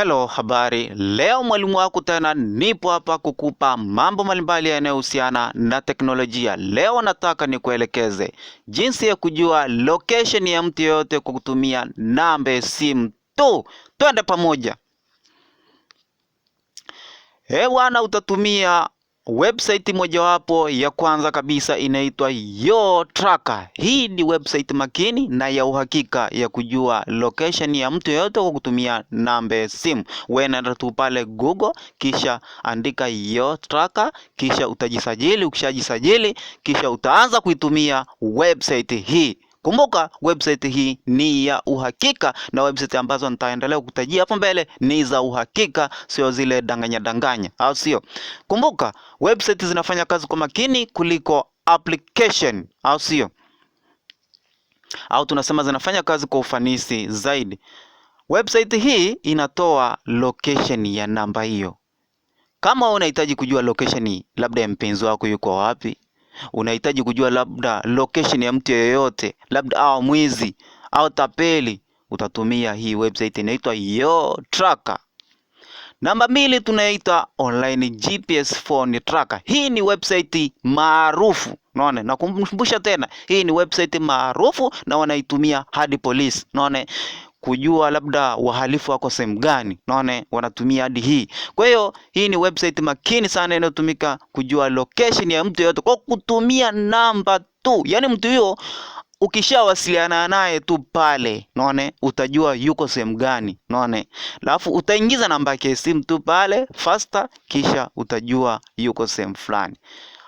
Hello, habari. Leo mwalimu wako tena, nipo hapa kukupa mambo mbalimbali yanayohusiana na teknolojia. Leo nataka nikuelekeze jinsi ya kujua location ya mtu yoyote kwa kutumia namba ya simu tu. Twende pamoja. He bwana, utatumia Website mojawapo ya kwanza kabisa inaitwa Yo Tracker. Hii ni website makini na ya uhakika ya kujua location ya mtu yoyote kwa kutumia namba ya simu. Wewe nenda tu pale Google kisha andika Yo Tracker kisha utajisajili, ukishajisajili kisha utaanza kuitumia website hii. Kumbuka website hii ni ya uhakika, na website ambazo nitaendelea kutajia hapo mbele ni za uhakika, sio zile danganya danganya, au sio? Kumbuka website zinafanya kazi kwa makini kuliko application, au sio? Au tunasema zinafanya kazi kwa ufanisi zaidi. Website hii inatoa location ya namba hiyo. Kama unahitaji kujua location, labda ya mpenzi wako yuko wapi unahitaji kujua labda location ya mtu yeyote, labda au mwizi au tapeli, utatumia hii website inaitwa Yo Tracker. Namba mbili tunaita online GPS phone tracker. Hii ni website maarufu, unaona, nakumbusha tena, hii ni website maarufu na wanaitumia hadi polisi, naone kujua labda wahalifu wako sehemu gani, naone wanatumia hadi hii. Kwa hiyo hii ni website makini sana inayotumika kujua location ya mtu yeyote kwa kutumia namba tu, yaani mtu huyo ukishawasiliana naye tu pale naone utajua yuko sehemu gani naone, alafu utaingiza namba yake simu tu pale fasta, kisha utajua yuko sehemu fulani.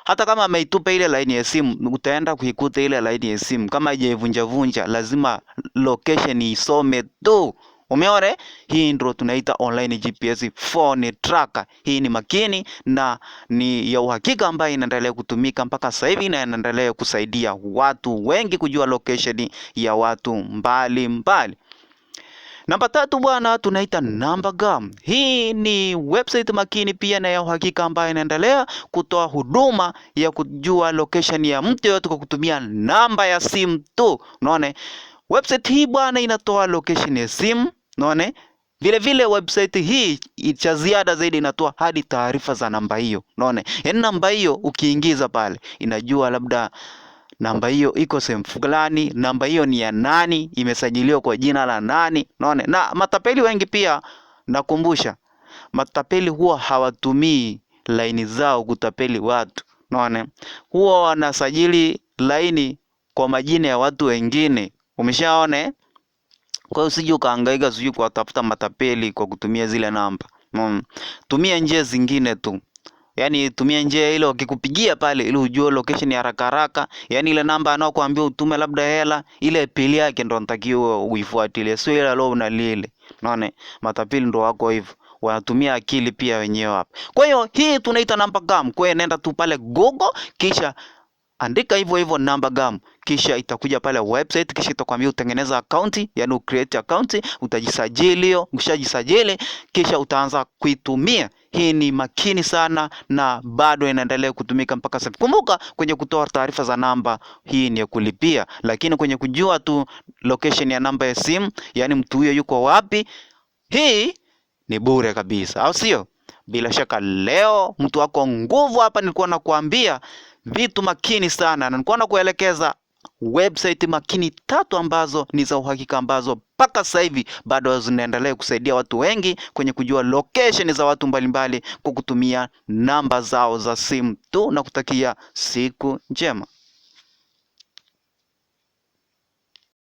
Hata kama ameitupa ile laini ya simu, utaenda kuikuta ile laini ya simu, kama haijavunja vunja, lazima location isome tu. Umeona, eh? hii ndio tunaita online GPS phone tracker. Hii ni makini na ni ya uhakika ambayo inaendelea kutumika mpaka sasa hivi na inaendelea kusaidia watu wengi kujua location ya watu mbali mbali. Namba tatu bwana, tunaita namba gam. Hii ni website makini pia na ya uhakika ambayo inaendelea kutoa huduma ya kujua location ya mtu yoyote kwa kutumia namba ya simu tu. Unaona, website hii bwana inatoa location ya simu. Unaona, vile vile website hii cha ziada zaidi inatoa hadi taarifa za namba hiyo. Unaona, yaani namba hiyo ukiingiza pale inajua labda namba hiyo iko sehemu fulani, namba hiyo ni ya nani, imesajiliwa kwa jina la nani. Naone na matapeli wengi pia, nakumbusha matapeli huwa hawatumii laini zao kutapeli watu, naone huwa wanasajili laini kwa majina ya watu wengine. Umeshaone? Eh? Kwa hiyo usije ukahangaika sijui kuwatafuta matapeli kwa kutumia zile namba mm. Tumia njia zingine tu yani tumia njia ile, wakikupigia pale ili ujue location ya haraka haraka, yani ile namba anaokuambia utume labda hela, ile pili yake ndo natakiwa uifuatilie, sio ile una lile Unaona, matapili ndo wako hivyo wanatumia akili pia wenyewe hapa. Kwa hiyo hii tunaita namba gam Kwa hiyo nenda tu pale Google kisha andika hivyo hivyo namba gam kisha itakuja pale website, kisha itakwambia utengeneza account, yani u create account, utajisajili hiyo. Ukishajisajili kisha utaanza kuitumia hii ni makini sana na bado inaendelea kutumika mpaka sasa. Kumbuka kwenye kutoa taarifa za namba hii ni ya kulipia, lakini kwenye kujua tu location ya namba ya simu, yaani mtu huyo yuko wapi, hii ni bure kabisa, au sio? Bila shaka leo mtu wako nguvu hapa, nilikuwa nakuambia vitu makini sana, na nilikuwa nakuelekeza website makini tatu ambazo ni za uhakika ambazo mpaka sasa hivi bado zinaendelea kusaidia watu wengi kwenye kujua location za watu mbalimbali kwa kutumia namba zao za simu tu, na kutakia siku njema.